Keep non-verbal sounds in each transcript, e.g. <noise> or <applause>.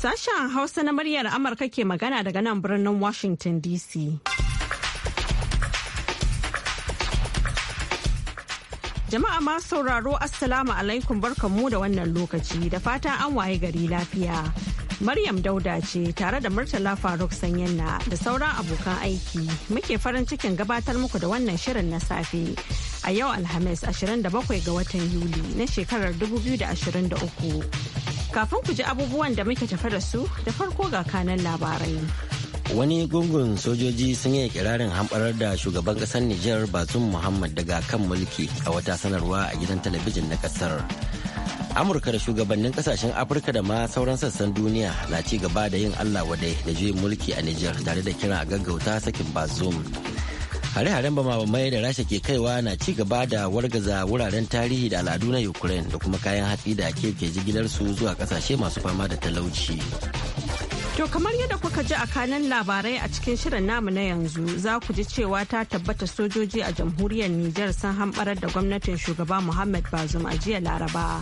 Sashen Hausa na muryar Amurka ke magana daga nan birnin Washington DC. Jama'a ma sauraro Assalamu alaikum mu da wannan lokaci da fatan an waye gari lafiya. Maryam Dauda ce tare da Murtala Faruk Sanyanna da sauran abokan aiki muke farin cikin gabatar muku da wannan shirin na safe. A yau Alhamis 27 ga watan Yuli na shekarar 2023. Kafin ku ji abubuwan da muke tafa da su da farko ga kanan labarai. Wani gungun sojoji sun yi kirarin hamɓarar da shugaban ƙasar Nijar Bazoum Muhammad daga kan mulki a wata sanarwa a gidan talabijin na ƙasar. amurka da shugabannin ƙasashen afirka da ma sauran sassan duniya na ci gaba da yin allah wadai da juyin mulki a Nijar tare da kira gaggauta sakin bazum hare-haren bamabamai da rasha ke kaiwa na ci gaba da wargaza wuraren tarihi da al'adu na ukraine da kuma kayan hatsi da ke ke su zuwa kasashe masu fama da talauci to kamar yadda kuka ji a kanan labarai a cikin shirin namu na yanzu za ku ji cewa ta tabbata sojoji a jamhuriyar niger sun hamɓarar da gwamnatin shugaba muhammad bazum a jiya laraba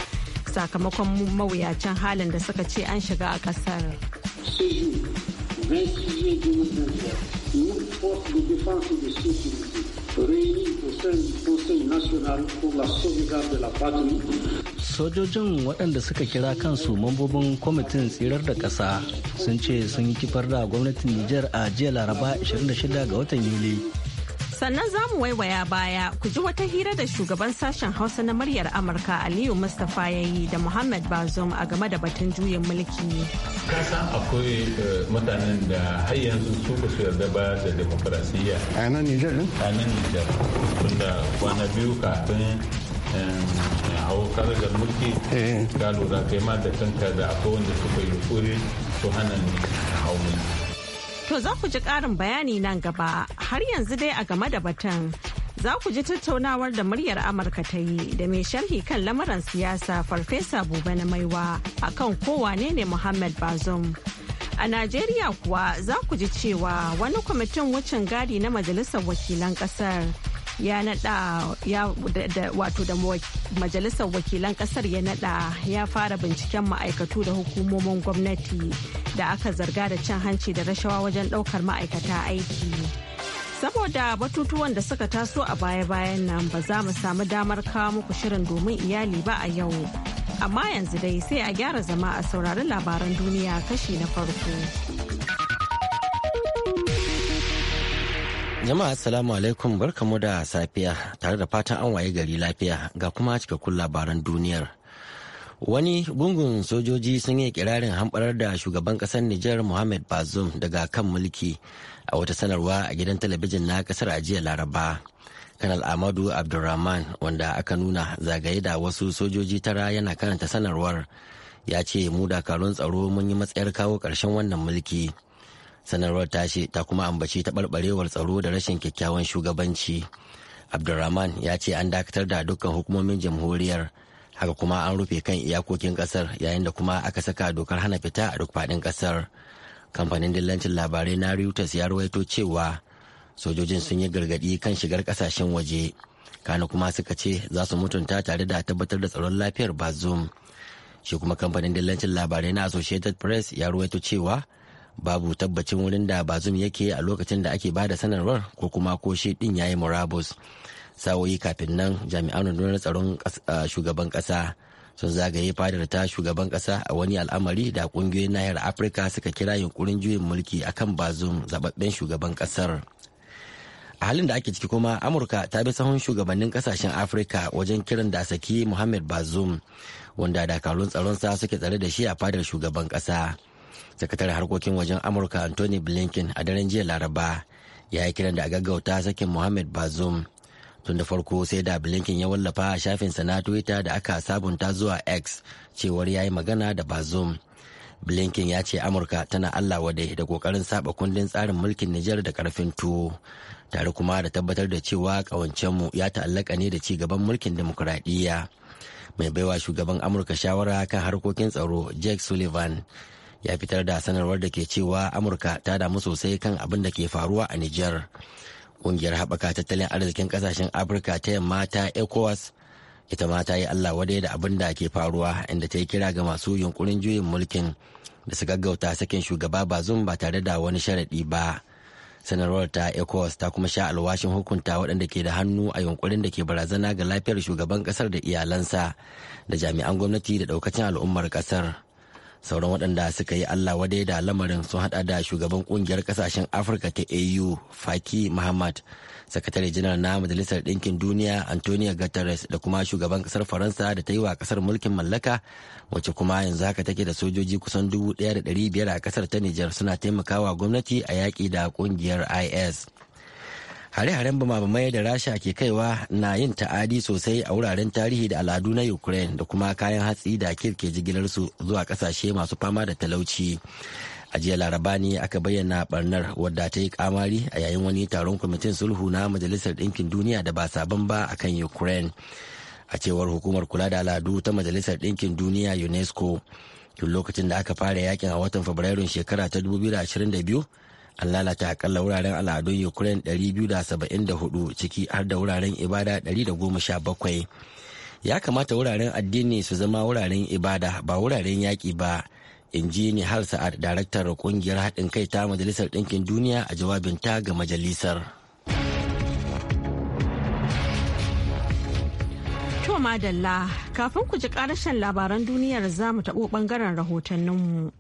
sakamakon mawuyacin halin da suka ce an shiga a ƙasar. forces de défense et de sécurité réunies au sein du Conseil national pour la sauvegarde de la patrie. Sojojin waɗanda suka kira kansu mambobin kwamitin tsirar da ƙasa sun ce sun yi kifar da gwamnatin Nijar a jiya Laraba 26 ga watan Yuli Sannan za mu waiwaya baya ku ji wata hira da shugaban sashen Hausa na muryar Amurka Aliyu Mustapha ya yi da Muhammad Bazoum a game da batun juyin mulki. kasan akwai eh, mutanen da har yanzu su ba su yarda ba da demokrasiyya. A nan Nijar ne A nan Nijar. Tunda kwana biyu kafin hau karagar mulki ga eh. lura kai ma da kanka da akwai wanda suka yi kuri su hana hau mulki. To za ku ji ƙarin bayani nan gaba har yanzu dai a game da batun. Za ku ji tattaunawar da muryar Amurka ta yi da mai sharhi kan lamuran siyasa Farfesa Buba na Maiwa akan kowane ne Muhammad Bazum. A Najeriya kuwa za ku ji cewa wani kwamitin wucin gadi na Majalisar Wakilan Ƙasar ya nada ya wato da majalisar wakilan kasar ya nada ya fara binciken ma'aikatu da hukumomin gwamnati da aka zarga da cin hanci da rashawa wajen daukar ma'aikata aiki saboda batutuwan da suka taso a baya-bayan nan ba za mu samu damar kawo muku shirin domin iyali ba a yau amma yanzu dai sai a gyara zama a saurari labaran duniya kashi na farko. Jama'a assalamu alaikum barkamu da safiya tare da fatan an waye gari lafiya ga kuma cikakkun labaran duniyar. Wani gungun sojoji sun yi kirarin hamɓarar da shugaban ƙasar Nijar Mohamed Bazoum daga kan mulki a wata sanarwa a gidan talabijin na ƙasar ajiya jiya Laraba. Kanal Ahmadu Abdulrahman wanda aka nuna zagaye da wasu sojoji tara yana karanta sanarwar ya ce mu dakarun tsaro mun yi matsayar kawo ƙarshen wannan mulki. sanarwar tashi ta kuma ambaci taɓarɓarewar tsaro da rashin kyakkyawan shugabanci abdulrahman ya ce an dakatar da dukkan hukumomin jamhuriyar haka kuma an rufe kan iyakokin kasar yayin da kuma aka saka dokar hana fita a duk faɗin ƙasar. kamfanin dillancin labarai na reuters ya rawaito cewa sojojin sun yi gargaɗi kan shigar ƙasashen waje kana kuma suka ce za su mutunta tare da tabbatar da tsaron lafiyar bazum shi kuma kamfanin dillancin labarai na associated press ya rawaito cewa babu tabbacin wurin da bazum yake a lokacin da ake bada sanarwar ko kuma ko shi din yayi murabus sa'o'i kafin nan jami'an rundunar tsaron shugaban kasa sun zagaye fadar ta shugaban kasa a wani al'amari da kungiyoyin nahiyar afirka suka kira yunkurin juyin mulki akan bazum zababben shugaban kasar a halin da ake ciki kuma amurka ta bi sahun shugabannin kasashen afirka wajen kiran da saki muhammad bazum wanda dakarun tsaron sa suke tsare da shi a fadar shugaban kasa sakataren harkokin wajen amurka anthony blinken a daren jiya laraba ya yi kiran da a gaggauta sakin mohammed bazoum tun da farko sai da blinken ya wallafa a shafin na twitter da aka sabunta zuwa x cewar ya yi magana da bazoum blinken ya ce amurka tana allah wadai da kokarin saba kundin tsarin mulkin nijar da karfin tuwo tare kuma da tabbatar da cewa kawancenmu ya ta'allaka ne da ci gaban mulkin demokuraɗiyya mai baiwa shugaban amurka shawara kan harkokin tsaro jake sullivan ya fitar da sanarwar da ke cewa amurka ta damu sosai kan abin da ke faruwa a niger ƙungiyar haɓaka tattalin arzikin ƙasashen afirka ta yamma ta ecowas ita ma ta yi allah wadai da abin da ke faruwa inda ta yi kira ga masu yunkurin juyin mulkin da su gaggauta sakin shugaba bazum ba tare da wani sharaɗi ba sanarwar ta ecowas ta kuma sha alwashin hukunta waɗanda ke da hannu a yunkurin da ke barazana ga lafiyar shugaban ƙasar da iyalansa da jami'an gwamnati da ɗaukacin al'ummar ƙasar sauran waɗanda suka yi allah wadai da lamarin sun hada da shugaban kungiyar kasashen afirka ta au faki muhammad sakatare janar na majalisar ɗinkin duniya antonio guterres da kuma shugaban kasar faransa da ta yi wa kasar mulkin mallaka wacce kuma yanzu haka take da sojoji kusan 1,500 a kasar ta nijar suna taimakawa gwamnati a yaƙi da kungiyar is hare-haren bama da rasha ke kaiwa na yin ta'adi sosai a wuraren tarihi da al'adu na ukraine da kuma kayan hatsi da kir ke jigilarsu zuwa kasashe masu fama da talauci a jiya laraba ne aka bayyana barnar wadda ta yi kamari a yayin wani taron kwamitin sulhu na majalisar ɗinkin duniya da ba sabon ba a kan ukraine a cewar hukumar kula da al'adu ta majalisar ɗinkin duniya unesco tun lokacin da aka fara yakin a watan fabrairun shekara ta 2022 an lalata akalla wuraren al'adun ukraine hudu ciki har da wuraren ibada ɗari da goma sha bakwai ya kamata wuraren addini su zama wuraren ibada ba wuraren yaƙi ba in ji ni har sa'ad daraktar ƙungiyar haɗin kai ta majalisar ɗinkin duniya a jawabinta ga majalisar madalla kafin ku ji ƙarashen labaran duniyar za mu taɓo ɓangaren rahotanninmu.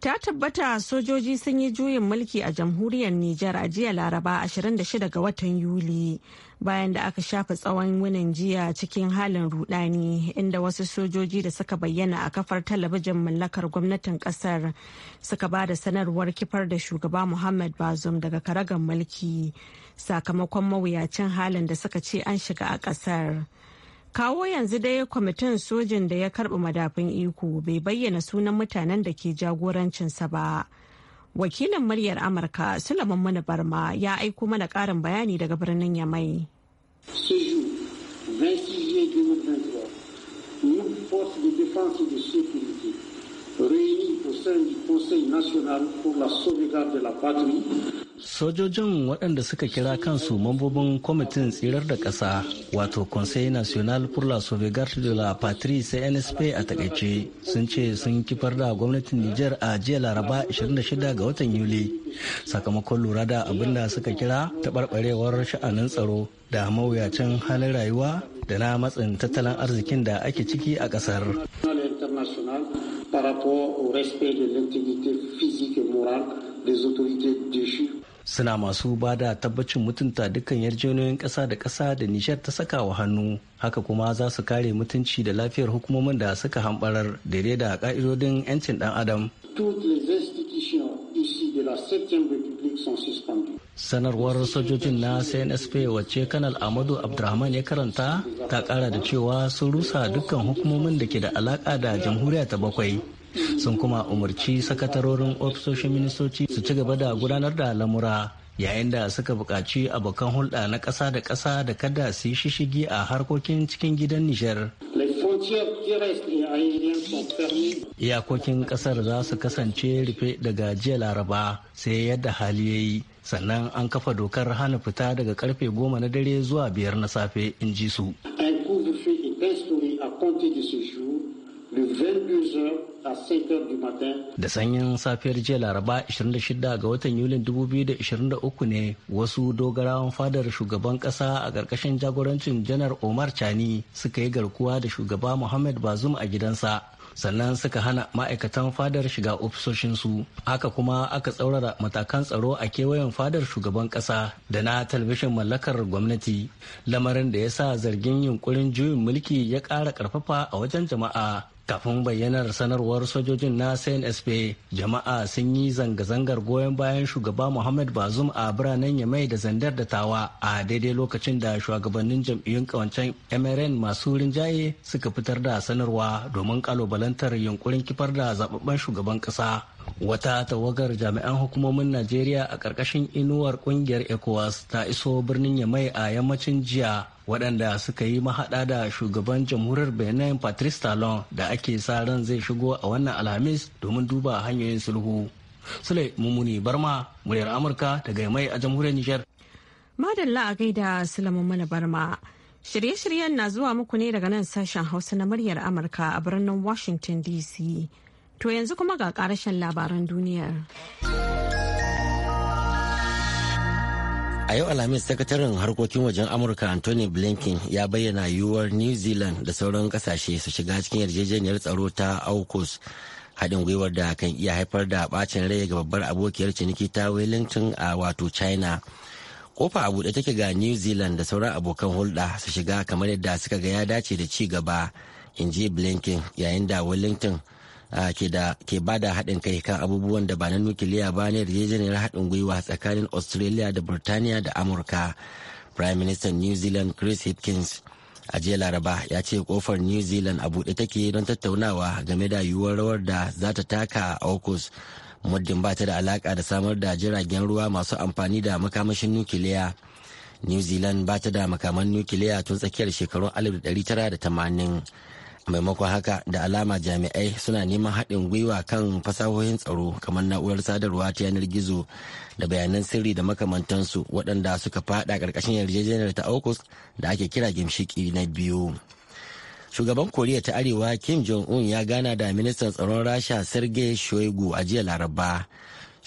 Ta tabbata sojoji sun yi juyin mulki a jamhuriyar Nijar a jiya Laraba 26 ga watan Yuli bayan da aka shafa tsawon wunin jiya cikin halin rudani inda wasu sojoji da suka bayyana a kafar talabijin mallakar gwamnatin kasar suka ba da sanarwar kifar da shugaba Muhammad Bazoum daga karagar mulki sakamakon mawuyacin halin da suka ce an shiga a kasar. kawo yanzu dai kwamitin sojin da ya karbi madafin iko bai bayyana sunan mutanen da ke jagorancinsa ba wakilin muryar amurka sulaiman mana barma ya aiko mana karin bayani daga birnin yamai Nous, de défense et de sécurité, Sojojin waɗanda suka kira kansu mambobin kwamitin tsirar da ƙasa wato Conseil National pour la Sauvegarde de la Patrie CNSP a takaice sun ce sun kifar da gwamnatin Nijar a jiya Laraba 26 ga watan Yuli sakamakon lura da abin da suka kira taɓarɓarewar sha'anin tsaro da mawuyacin halin rayuwa da na matsin tattalin arzikin da ake ciki a ƙasar. rapport au respect de l'intégrité physique et morale des autorités déchues. Suna masu ba da tabbacin mutunta dukkan yarjejeniyoyin ƙasa da ƙasa da nishar ta saka wa hannu, haka kuma za su kare mutunci da lafiyar hukumomin da suka hambarar daidai da ƙa'idodin 'yancin ɗan adam. Sanarwar sojojin na CNSP wacce Kanal Amadu Abdurrahman ya karanta ta kara da cewa sun rusa dukkan hukumomin da ke da alaka da jamhuriya ta bakwai sun kuma umarci sakatarorin ofisoshin ministoci su ci gaba da gudanar da lamura yayin da suka buƙaci abokan hulɗa na ƙasa da ƙasa da kada su yi shishigi a harkokin cikin gidan Nijar. Iyakokin ƙasar za su kasance rufe daga jiya Laraba sai yadda hali ya yi, sannan an kafa dokar hana fita daga karfe goma na dare zuwa biyar na safe in ji su. Da sanyin safiyar jiya Laraba 26 ga watan Yulin 2023 ne wasu dogarawan fadar shugaban kasa a ƙarƙashin jagorancin janar Omar Chani suka yi garkuwa da shugaba Muhammad Bazum a gidansa. sannan suka hana ma'aikatan fadar shiga ofisoshinsu haka kuma aka tsaurara matakan tsaro a kewayen fadar shugaban kasa da na talbishin mallakar gwamnati lamarin da ya sa zargin yunkurin juyin mulki ya ƙara ƙarfafa a wajen jama'a kafin bayyanar sanarwar sojojin na cnsp jama'a sun yi zanga-zangar goyon bayan shugaba muhammad bazum a biranen yamai da zandar da tawa a daidai lokacin da shugabannin jam'iyyun kawancen mrn masu rinjaye suka fitar da sanarwa domin ƙalubalantar yunkurin kifar da zababben shugaban kasa wata tawagar jami'an hukumomin najeriya a ƙarƙashin inuwar ƙungiyar ecowas ta iso birnin yamai a yammacin jiya waɗanda suka yi mahaɗa da shugaban jamhuriyar benin patrice talon da ake sa ran zai shigo a wannan alhamis domin duba hanyoyin sulhu sule mummuni barma muryar amurka daga mai a jamhuriyar nijar madalla a gaida sulamun mana barma shirye-shiryen na zuwa muku ne daga nan sashen hausa na muryar amurka a birnin washington dc to yanzu kuma ga karashen labaran duniyar a yau alhamis sakataren harkokin wajen amurka anthony blinken ya bayyana yiwuwar new zealand da sauran kasashe su shiga cikin yarjejeniyar tsaro ta aukus haɗin gwiwar da kan iya haifar da bacin rai ga babbar abokiyar ciniki ta wellington a wato china kofa a buɗe take ga new zealand da sauran abokan hulɗa su shiga kamar yadda suka ga ya dace da ci gaba in ji blinken yayin da wellington ke da bada haɗin kai kan abubuwan da ba na nukiliya ba ne yarjejeniyar haɗin gwiwa tsakanin australia da burtaniya da amurka prime minister new zealand chris hipkins a jiya laraba ya ce kofar new zealand a buɗe take don tattaunawa game da yiwuwar rawar da za ta taka a aukus muddin ba ta da alaka da samar da jiragen ruwa masu amfani da makamashin nukiliya new zealand ba ta da makaman nukiliya tun tsakiyar shekarun 1980 maimakon haka da alama jami'ai suna neman haɗin gwiwa kan fasahohin tsaro kamar na'urar sadarwa ta yanar gizo da bayanan sirri da makamantansu waɗanda suka faɗa ƙarƙashin yarjejeniyar ta aukus da ake kira gimshiki na biyu shugaban koriya ta arewa kim jong-un ya gana da ministan tsaron rasha sergei shoigu a jiya laraba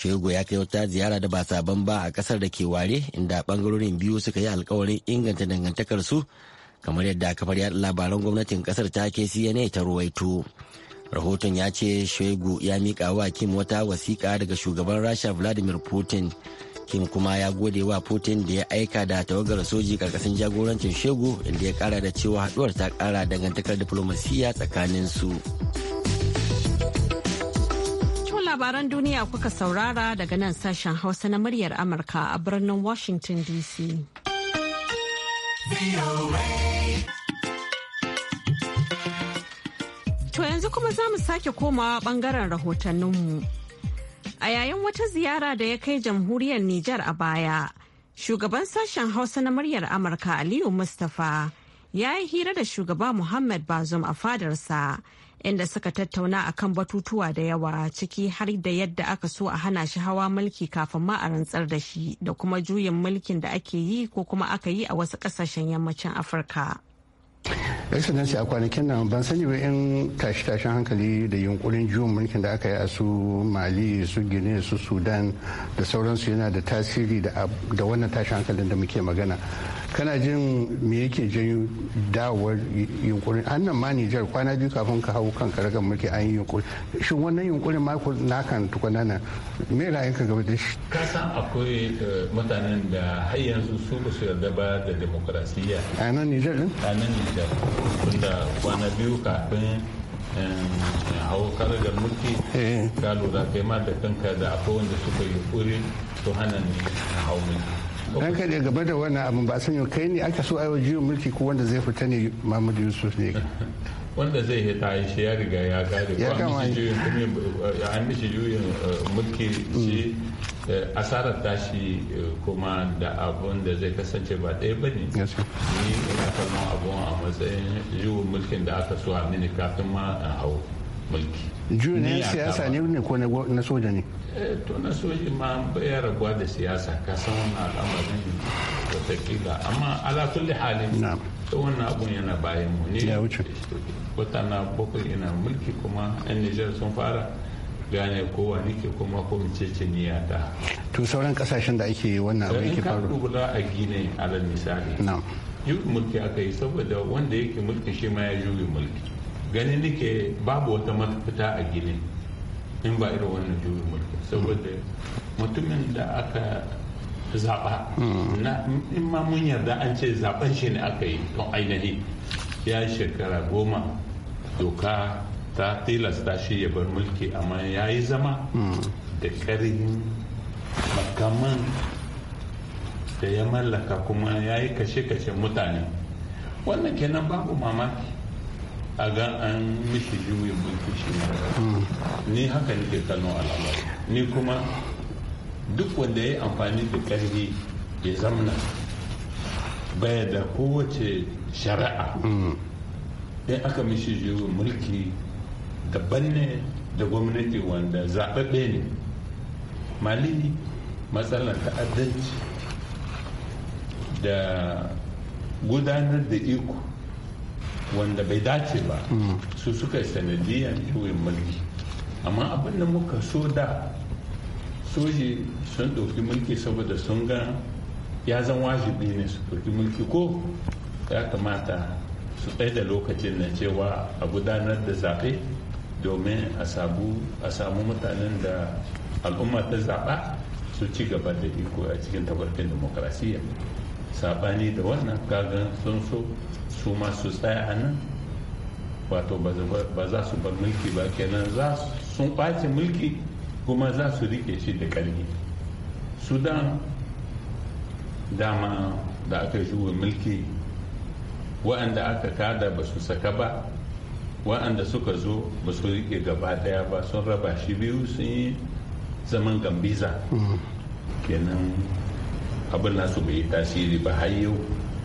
Shego ya kai wata ziyara da ba sabon ba a kasar da ke ware inda bangarorin biyu suka yi alkawarin inganta dangantakarsu kamar yadda kafar yada labaran gwamnatin kasar ta ke ne ta ruwaito rahoton ya ce shegu ya miƙa wa kim wata wasiƙa daga shugaban rasha vladimir putin kim kuma ya gode wa putin da ya aika da tawagar soji karkashin jagorancin shegu inda ya kara da cewa haduwar ta kara dangantakar diplomasiya tsakanin su labaran duniya kuka saurara daga nan sashen hausa na muryar amurka a birnin washington dc To yanzu kuma za mu sake komawa bangaren rahotanninmu. A yayin wata ziyara da ya kai jamhuriyar Nijar a baya, shugaban sashen Hausa na muryar Amurka Aliyu Mustapha ya yi hira da shugaba Muhammad Bazum a fadarsa inda suka tattauna a kan batutuwa da yawa ciki har da yadda aka so a hana shi hawa mulki kafin ma a rantsar da shi da kuma juyin mulkin da ake yi ko kuma aka yi a wasu ƙasashen yammacin afirka. excellency a kwanakin nan ban sani ba in tashi tashen hankali da yunkurin juyin mulkin da aka yi a su mali su gine su sudan da sauransu yana da tasiri da wannan tashin hankalin da muke magana kana jin me yake janyo dawar yunkurin an nan ma nijar kwana biyu kafin ka hau kan karagar mulki an yi yunkuri shin wannan yunkurin mako na kan tukuna nan me ka game da shi ka san akwai eh, mutanen da har yanzu su ba su yarda ba da demokrasiya. a nan nijar din a nan nijar da tunda kwana biyu kafin hau karagar mulki eh. ka lura kai ma da kanka da akwai wanda suka yi kuri to hana ni hau mulki dan ka gaba da wannan abin ba san kai ne aka so ayo jiyo mulki ko wanda zai fita ne Mahmud Yusuf ne <laughs> wanda zai ta yi shi ya riga ya gari ko an mishi juyin an mishi juyin mulki shi eh, asarar tashi eh, kuma da abun da zai kasance ba ɗaya ba ne ni ina abun a matsayin juyin mulkin da aka so a mini kafin ma a hau mulki juyin yan siyasa ne ne ko na soja ne eh, to na soja ma ya rabuwa da siyasa ka san wannan al'amarin watakila amma ala kulli halin ta wannan abun yana bayan mu ne wata na bakwai ina mulki kuma yan nijar sun fara gane kowa nike kuma ko mace ce niyya ta to sauran kasashen da ake wannan abu eh, yake faru in ka a gine alal misali na'am mulki aka yi saboda wanda yake mulki shi ma ya juyi mulki ganin nake babu wata mafita a gini. in ba irin wannan juyin mulki saboda mutumin da aka zaɓa hmm. in ma mun yarda an ce zaɓen shi ne aka yi don ainihi ya shekara goma doka ta tilasta shi ya bar mulki amma ya yi zama hmm. da ƙarin makaman da ya mallaka kuma ya yi kashe-kashe mutane wannan kenan babu mamaki a ga an mishi juyin mulki shi hmm. ni haka nake kallon al'amari ni kuma duk wanda ya yi amfani da ƙarfi ya zamna baya da kowace shari'a hmm. in aka mishi juyin mulki daban ne da gwamnati wanda zaɓaɓɓe ne mali matsalar ta'addanci da gudanar da iko wanda bai dace ba su suka yi sanadiyar juyin mulki amma abinda muka so da soji sun ɗauki mulki saboda sun ga ya zan wajibi ne su ɗauki mulki ko ya kamata su ɗaya da lokacin na cewa a gudanar da zaɓe domin a samu mutanen da al'umma ta zaɓa su ci gaba da iko a cikin tabarfin demokrasiyya saɓani da wannan kagan sun so su masu tsaya a nan wato ba za su bar mulki ba kenan za sun ɓace mulki kuma za su rike shi da ƙarfi sudan dama da aka juwa mulki wa'anda aka kada ba su saka ba wa'anda suka zo ba su rike gaba daya ba sun raba shi biyu sun yi zaman gambiza kenan abin nasu bai tasiri ba har yau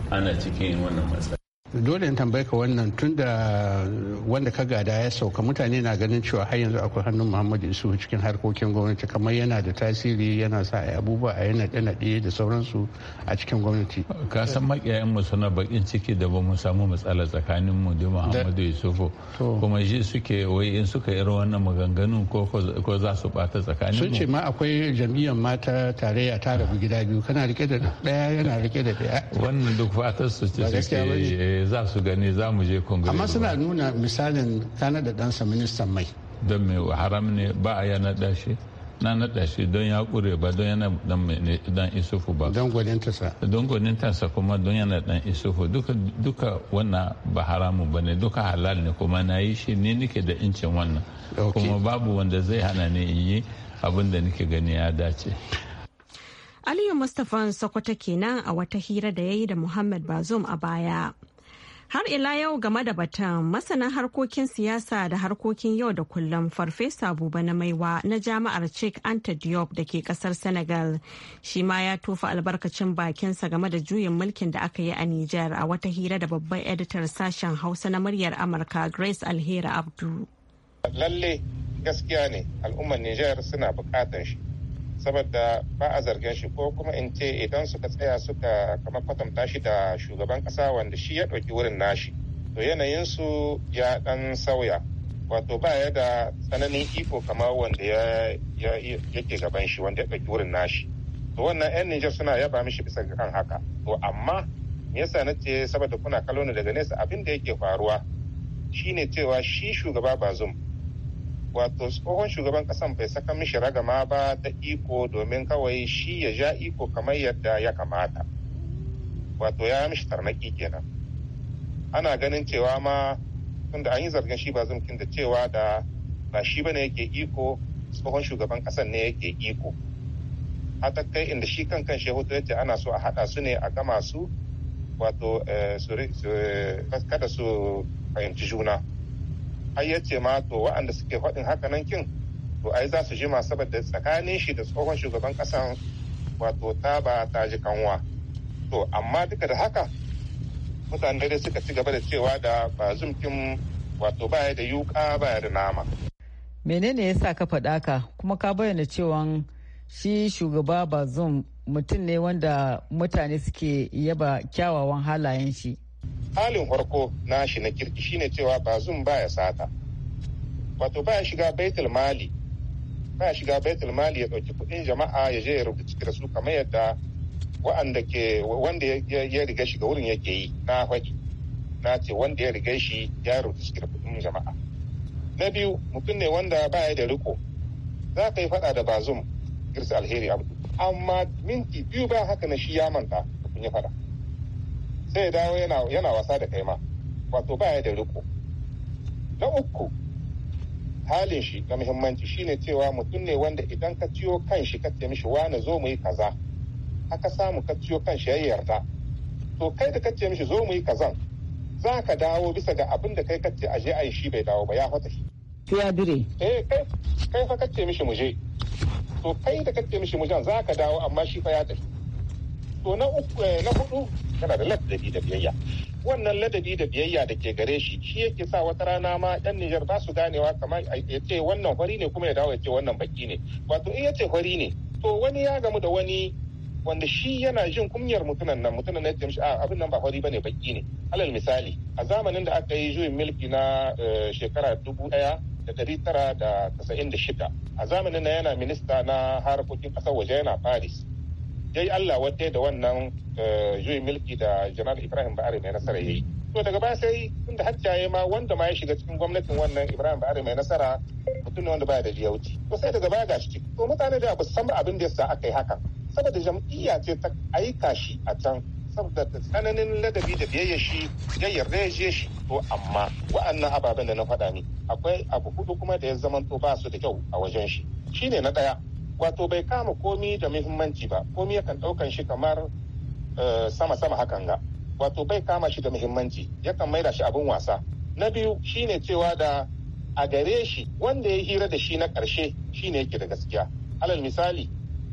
ana cikin wannan matsala dole in tambaye ka wannan tun da wanda ka gada ya sauka mutane na ganin cewa har yanzu akwai hannun muhammadu isu cikin harkokin gwamnati kamar yana da tasiri yana sa a abubuwa a yana naɗe da sauransu a cikin gwamnati ka san makiyayen mu suna bakin ciki da ba mu samu matsala tsakanin mu da muhammadu isufu kuma shi suke wai in suka yi wannan maganganun ko ko za su bata tsakanin sun ce ma akwai jam'iyyar mata tarayya ta rabu gida biyu kana rike da ɗaya yana rike da ɗaya wannan duk fatar su ce suke za su gani za mu je congress amma suna nuna misalin kana da ɗansa ministan mai don mai haram ne ba a yana dashi na naɗa shi don ya ƙure ba don yana dan isufu ba don gwanintansa don gwanintansa kuma don yana dan isufu duka duka wannan ba haramu ba ne duka halal ne kuma na yi shi ne nike da incin wannan kuma babu wanda zai hana ni in yi abin da nike gani ya dace aliyu mustapha sokoto kenan a wata hira da ya yi da muhammad bazum a baya Har ila yau game da batun masanin harkokin siyasa da harkokin yau da kullum Farfesa Buba na Maiwa na jami'ar Cik Anta Diop da ke kasar Senegal shi ma ya tofa albarkacin bakinsa game da juyin mulkin da aka yi a Nijar a wata hira da babban editar sashen Hausa na muryar Amurka Grace alhera Abdu. Lalle gaskiya ne al'ummar Nijar suna bukatar shi saboda ba a zargin shi ko kuma in ce idan suka tsaya suka kamar kwatanta shi da shugaban kasa wanda shi ya ɗauki wurin nashi to yanayinsu ya ɗan sauya wato ba ya da tsananin iko kamar wanda yake gaban shi wanda ya ɗauki wurin nashi to wannan 'yan Nijar suna yaba mishi bisa ga kan haka to amma me yasa na ce saboda kuna kallo daga nesa abin da yake faruwa shine cewa shi shugaba bazum wato tsohon shugaban kasan bai saka mishi ragama ba ta iko domin kawai shi ya ja iko kamar yadda ya kamata wato ya mishi tarnaki kenan ana ganin cewa ma tunda an yi zargin shi ba zumkin da cewa da ba shi bane yake iko tsohon shugaban kasan ne yake iko hata kai inda shi kan kan shehu ce ana so a haɗa su ne a gama su wato eh, eh, kada su fahimci juna har ya ce ma to wa'anda suke faɗin haka nan kin to ai za su ji ma saboda tsakanin shi da tsohon shugaban ƙasan wato ta ba ta ji kanwa to amma duka da haka mutane dai suka ci gaba da cewa da ba zumkin wato baya da yuka baya da nama menene ya sa ka faɗa ka kuma ka bayyana cewa shi shugaba ba zum mutum ne wanda mutane suke yaba kyawawan halayen shi halin farko na shi na kirki shine cewa bazum ya sata wato ya shiga baitul mali ya shiga baitul mali ya dauki kudin jama'a ya je ya rubuta da su kamar yadda wanda ke wanda ya riga shiga wurin yake yi na faɗi na ce wanda ya riga shi ya rubuta da kudin jama'a na biyu mutum ne wanda ba ya da riko za ka yi faɗa da bazum girsa alheri abu amma minti biyu ba haka na shi ya manta kafin ya faɗa sai dawo yana wasa da kai ma wato baya da riko na uku halin shi na muhimmanci shine cewa mutum ne wanda idan ka ciyo kan shi ka ce mishi wane zo mu yi kaza aka samu ka ciyo kan shi ya yarda to kai da ka ce mishi zo mu yi kazan za ka dawo bisa ga abin da kai kace aje a yi shi bai dawo ba ya fata shi ya dire eh kai kai fa ce mishi muje to kai da ce mishi mujan za ka dawo amma shi fa ya tafi to na uku eh, na hudu yana da ladabi da biyayya wannan ladabi da biyayya da ke gare shi shi yake sa wata rana ma yan Nijar ba su ganewa kamar ya ce wannan hori ne kuma ya dawo ya ce wannan baki ne wato in ya ce hori ne to wani ya gamu da wani wanda shi yana jin kunyar mutunan nan mutunan na jamshi a ah, abin nan ba hori bane baki ne alal misali a zamanin da aka yi juyin mulki na eh, shekara dubu daya da dari tara da kasa'in da shida a zamanin na yana minista na harkokin ƙasar waje yana paris dai Allah wata da wannan eh, juyin mulki da janar Ibrahim Ba'ari mai nasara ya yi. to daga ba sai tunda hajjaye ma wanda ma ya shiga cikin gwamnatin wannan Ibrahim Ba'ari mai nasara mutum ne wanda baya da wuce. to sai daga baya gashi ciki to mutane da ba su san abin da yasa aka yi haka saboda jam'iyya ce ta aika shi a can saboda tsananin ladabi da biyayya shi ya yarda ya je shi to amma wa'annan ababen da na faɗa ni akwai abu hudu kuma da ya zamanto ba su da kyau a wajen shi shi ne na ɗaya wato bai kama komi da muhimmanci ba komi yakan ɗaukan shi kamar eh, sama-sama hakan ga wato bai kama shi da muhimmanci yakan maida shi abin wasa na biyu shine cewa da a gare shi wanda ya hira da shi na shi shine yake da gaskiya alal misali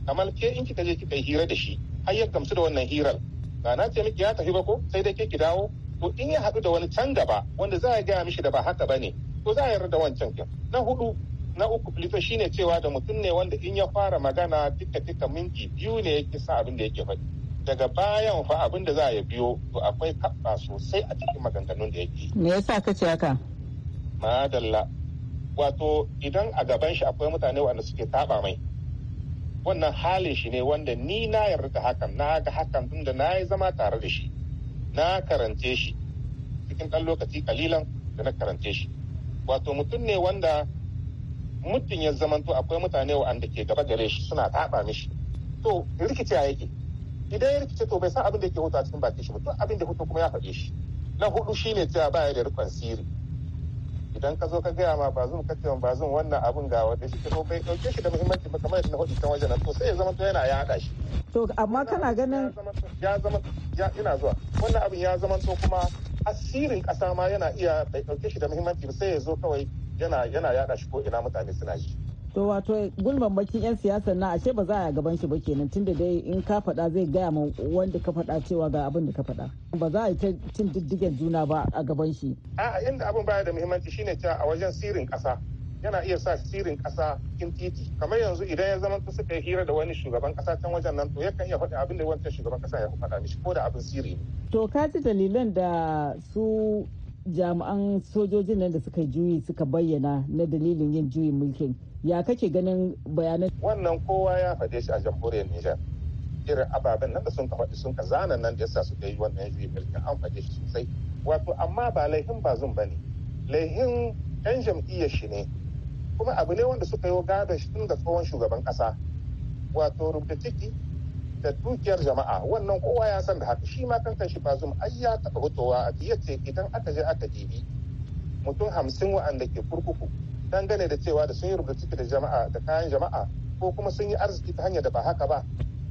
kamar ke in kika je kika hira da shi har ya gamsu da wannan hirar ba na ce miki ya tafi ba ko sai dai ke ki dawo to in ya haɗu da wani can gaba wanda za a gaya mishi da ba haka ba ne to za a yarda da wancan kin na hudu na uku filifa shine cewa da mutum ne wanda in ya fara magana duka duka minti biyu ne yake sa abin da yake faɗi daga bayan fa abin da za a biyo to akwai kaɓa sosai a cikin maganganun da yake me yasa ka ce haka madalla wato idan a gaban shi akwai mutane wanda suke taɓa mai wannan halin shi ne wanda ni na yarda da hakan na ga hakan tunda na yi zama tare da shi na karance shi cikin ɗan lokaci kalilan da na karance shi wato mutum ne wanda muddin ya zamanto akwai mutane wa'anda ke gaba gare shi suna taba mishi to rikice yake idan ya rikice to bai san abin da yake hoto a cikin bakin shi ba to abin da hutu kuma ya faɗe shi na hudu shine cewa baya da rikon sirri idan ka zo ka gaya ma bazum ka ce bazum wannan abun ga wanda shi ko bai dauke shi da muhimmanci ba kamar na hudu can wajen to sai ya zama to yana yaɗa shi to amma kana ganin ya zama ya ina zuwa wannan abin ya zama to kuma asirin kasa ma yana iya bai dauke shi da muhimmanci ba sai ya zo kawai yana yana yada shi ko ina mutane suna shi to wato gulman bakin yan siyasa na ashe ba za a gaban shi ba kenan tunda dai in ka faɗa zai gaya ma wanda ka faɗa cewa ga abin da ka faɗa ba za a yi cin diddigen juna ba a gaban shi a inda abin baya da muhimmanci shine cewa a wajen sirrin ƙasa yana iya sa sirrin ƙasa cikin titi kamar yanzu idan ya zama suka yi hira da wani shugaban ƙasa can wajen nan to yakan iya faɗi abin da wancan shugaban ƙasa ya faɗa mishi ko da abin sirri to ka ji dalilan da su jami'an sojojin nan da suka juyi suka bayyana na dalilin yin juyin mulkin ya kake ganin bayanan wannan kowa ya faɗe shi a jamhuriyar nijar irin ababen nan da sun ka faɗi sun ka zana nan da su suka yi wannan juyin mulkin an faɗe shi sosai wato amma ba laihin bazum ba ne laihin yan jam'iyyar shi ne kuma abu ne wanda suka yi gadon shi tun da tsohon shugaban ƙasa wato rubda ciki da dukiyar jama'a wannan kowa ya san da haka shi ma kankan shi bazum ai ya taba hutowa a yace idan aka je aka dibi mutum hamsin wa'anda ke kurkuku dangane da cewa da sun yi rubutu da jama'a da kayan jama'a ko kuma sun yi arziki ta hanyar da ba haka ba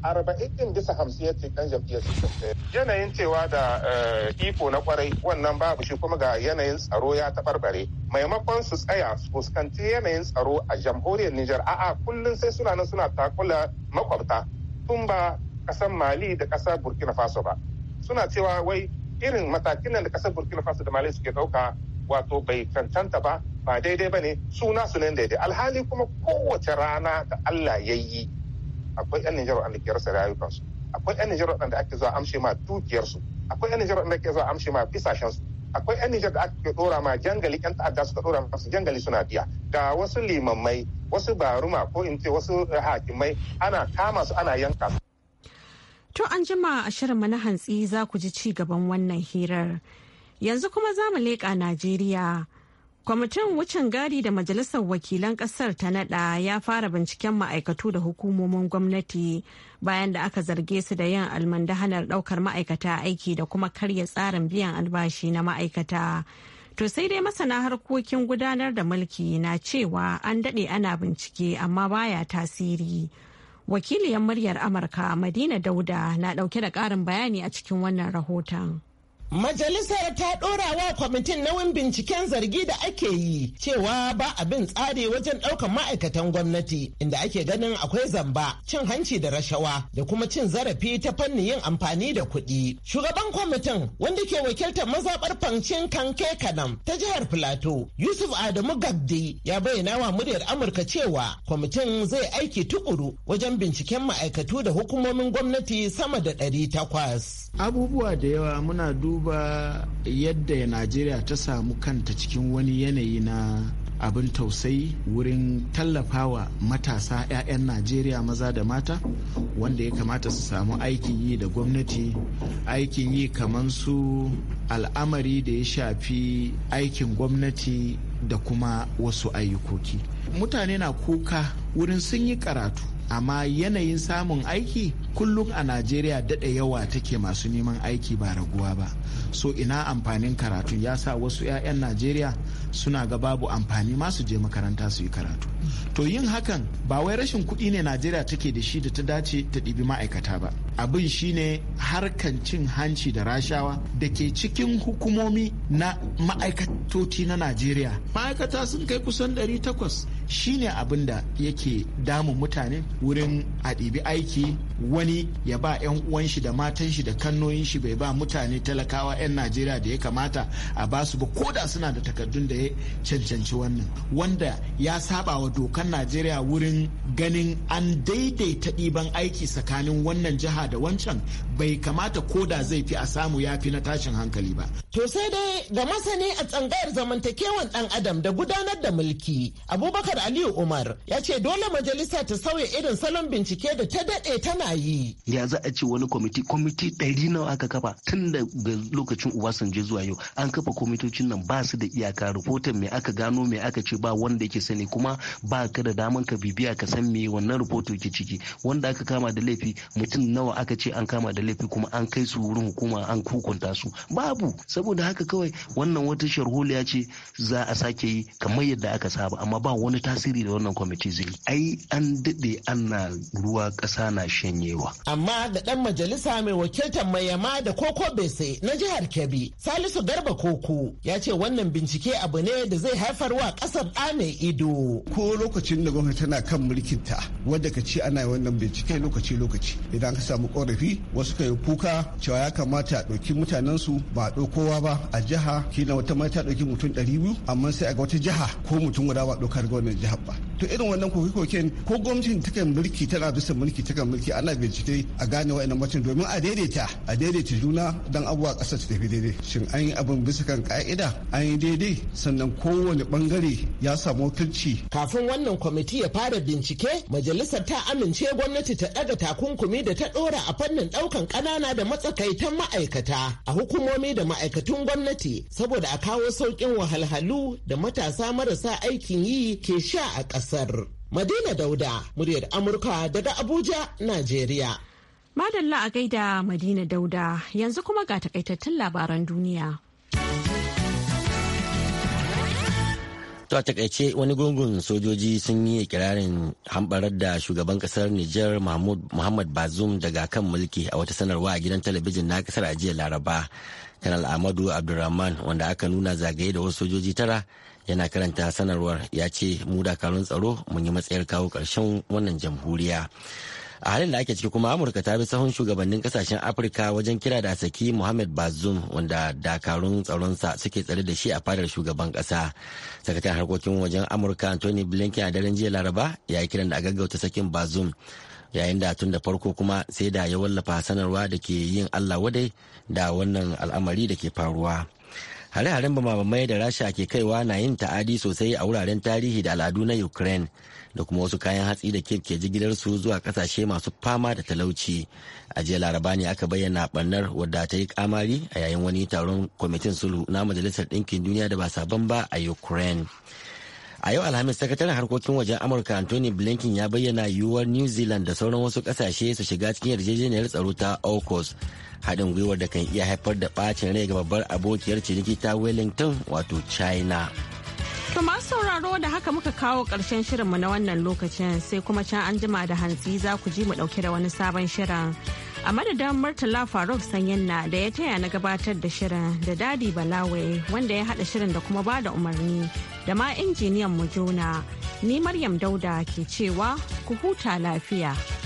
arba'in ɗin bisa hamsin yace kan jam'iyyar su yanayin cewa da eh, iko na kwarai wannan babu shi kuma ga yanayin tsaro ya taɓarɓare maimakon su tsaya su fuskanci yanayin tsaro a jamhuriyar Nijar a'a kullum sai suna nan suna takula makwabta tun ba kasar mali da kasa burkina faso ba suna cewa wai irin matakin da kasar burkina faso da mali suke ɗauka wato bai cancanta ba ba daidai ba ne suna su nan daidai alhali kuma kowace rana da allah ya yi akwai yan nijar wanda ke rasa rayukansu akwai yan nijar wanda ake zuwa amshe ma dukiyarsu akwai yan nijar wanda ake zuwa amshe ma bisashensu akwai yan nijar da aka dora ma jangali yan ta'adda suka dora masu jangali suna biya ga wasu limammai wasu baruma ko in ce wasu eh, hakimai ana kama su ana yanka su. to an jima a shirin na hantsi za ku ji ci gaban wannan hirar yanzu kuma za mu leƙa najeriya Kwamitin wucin gadi da Majalisar Wakilan Ƙasar ta naɗa ya fara binciken ma'aikatu da hukumomin gwamnati bayan da aka zarge su da yin almandahanar ɗaukar ma'aikata aiki da kuma karya tsarin biyan albashi na ma'aikata. To sai dai masana harkokin gudanar da mulki na cewa an daɗe ana bincike amma baya tasiri. Wakiliyar muryar Amurka Madina Dauda na ɗauke da ƙarin bayani a cikin wannan rahoton. Majalisar ta ɗora wa kwamitin nauyin binciken zargi da ake yi cewa ba a bin tsari wajen ɗaukan ma'aikatan gwamnati inda ake ganin akwai zamba, cin hanci da rashawa da kuma cin zarafi ta fannin yin amfani da kuɗi. Shugaban kwamitin wanda ke wakiltar mazaɓar fancin kanke kanam ta jihar Filato Yusuf Adamu Gabdi ya bayyana wa muryar Amurka cewa kwamitin zai aiki tuƙuru wajen binciken ma'aikatu da hukumomin gwamnati sama da ɗari takwas. Abubuwa da yawa muna duba duba yadda najeriya ta samu kanta cikin wani yanayi na abin tausayi wurin tallafawa matasa 'ya'yan najeriya maza da mata wanda ya kamata su samu aikin yi da gwamnati aikin yi kamar su al'amari da ya shafi aikin gwamnati da kuma wasu ayyukoki mutane na kuka wurin sun yi karatu amma yanayin samun aiki kullum a najeriya daɗa yawa take masu neman aiki ba raguwa ba so ina amfanin karatu ya sa wasu 'ya'yan najeriya suna ga babu amfani ma su je makaranta su yi karatu to yin hakan ba wai rashin kuɗi ne najeriya take da shi da ta dace ta ɗibi ma'aikata ba abin shine harkan cin hanci da rashawa da ke cikin hukumomi na ma'aikatoci na najeriya ma'aikata sun kai kusan 800 shine abin da yake damun mutane wurin a ɗibi aiki wani ya ba 'yan uwan shi da matan shi da kannoyin shi bai ba mutane talakawa 'yan najeriya da ya kamata a ba su ba ko da suna da takardun da ya cancanci wannan wanda ya saba wa dokan najeriya wurin ganin an daidaita ɗiban aiki tsakanin wannan jiha da wancan bai kamata ko da zai fi a samu ya fi na tashin hankali ba to sai dai da masani a tsangayar zamantakewan dan adam da gudanar da mulki abubakar aliyu umar ya ce dole majalisa ta sauya irin salon bincike da ta daɗe tana yi ya za a ce wani kwamiti kwamiti ɗari nawa aka kafa tun daga lokacin obasanjo zuwa yau an kafa kwamitocin nan ba su da iyaka rahoton me aka gano me aka ce ba wanda yake sani kuma ba ka da damar ka bibiya ka san me wannan rahoto ke ciki wanda aka kama da laifi mutum nawa aka ce an kama da laifi kuma an kai su wurin hukuma an hukunta su babu saboda haka kawai wannan wata sharholiya ce za a sake yi kamar yadda aka saba amma ba wani tasiri da wannan kwamiti zai yi ai an dade ana ruwa kasa na shanyewa amma da ɗan majalisa mai wakiltar mayama da koko bese na jihar kebbi salisu garba koko ya ce wannan bincike abu ne da zai haifar wa ƙasar ɗa mai ido ko ko lokacin da gwamnati tana kan mulkin mulkinta wadda ka ce ana wannan bincike lokaci-lokaci idan ka samu korafi wasu ka yi kuka cewa ya kamata a ɗauki mutanensu ba a kowa ba a jiha kina wata mata ɗauki mutum ɗari biyu amma sai a ga wata jiha ko mutum guda ba a ɗaukar ga wannan jihar ba to irin wannan koke-koken ko gwamnatin kan mulki tana bisa mulki kan mulki ana bincike a gane wa'annan mutum domin a daidaita a daidaita juna don abuwa kasar ta tafi daidai shin an yi abin bisa kan ka'ida an yi daidai sannan kowane bangare ya samu wakilci kafin wannan kwamiti ya fara bincike majalisar ta amince gwamnati ta ɗaga takunkumi da ta dora a fannin ɗaukan ƙanana da matsakaitan ma'aikata a hukumomi da ma'aikatun gwamnati saboda a kawo saukin wahalhalu da matasa marasa aikin yi ke sha a ƙasa kasar. Madina Dauda, muryar Amurka daga Abuja, Najeriya. Madalla a gaida Madina Dauda, yanzu kuma ga takaitattun labaran duniya. Ta a takaice wani gungun sojoji sun yi ikirarin hambarar da shugaban kasar Nijar Muhammad Bazoum daga kan mulki a wata sanarwa a gidan talabijin na kasar ajiya Laraba. Kanal Ahmadu Abdulrahman wanda aka nuna zagaye da wasu sojoji tara yana karanta sanarwar ya ce mu dakarun tsaro mun yi matsayar kawo karshen wannan jamhuriya a halin da ake ciki kuma amurka ta bi sahun shugabannin kasashen afirka wajen kira da saki muhammad bazoum wanda dakarun tsaronsa suke tsare da shi a fadar shugaban kasa sakataren harkokin wajen amurka anthony blinken a daren jiya laraba ya yi kiran da a gaggauta sakin bazoum yayin da tun da farko kuma sai da ya wallafa sanarwa da ke yin allah wadai da wannan al'amari da ke faruwa Hare-haren bamamai da Rasha ke kaiwa na yin ta'adi sosai a wuraren tarihi da al'adu na Ukraine da kuma wasu kayan hatsi da ke ke su zuwa kasashe masu fama da talauci. A jiya laraba ne aka bayyana barnar wadda ta yi kamari a yayin wani taron kwamitin sulhu na Majalisar Ɗinkin Duniya da ba sabon ba a Ukraine. a yau alhamis sakataren harkokin wajen amurka anthony blinken ya bayyana yiwuwar new zealand da sauran wasu kasashe su shiga cikin yarjejeniyar tsaro ta aucos haɗin gwiwar da kan iya haifar da ɓacin rai ga babbar abokiyar ciniki ta wellington wato china To masu sauraro da haka muka kawo ƙarshen mu na wannan lokacin sai kuma can an jima da hantsi za ku ji mu ɗauke da wani sabon shirin. A madadin Murtala Faruk na da ya taya na gabatar da shirin da Dadi balawai wanda ya haɗa shirin da kuma ba da umarni da ma injiniyan mu jona ni maryam dauda ke cewa ku huta lafiya.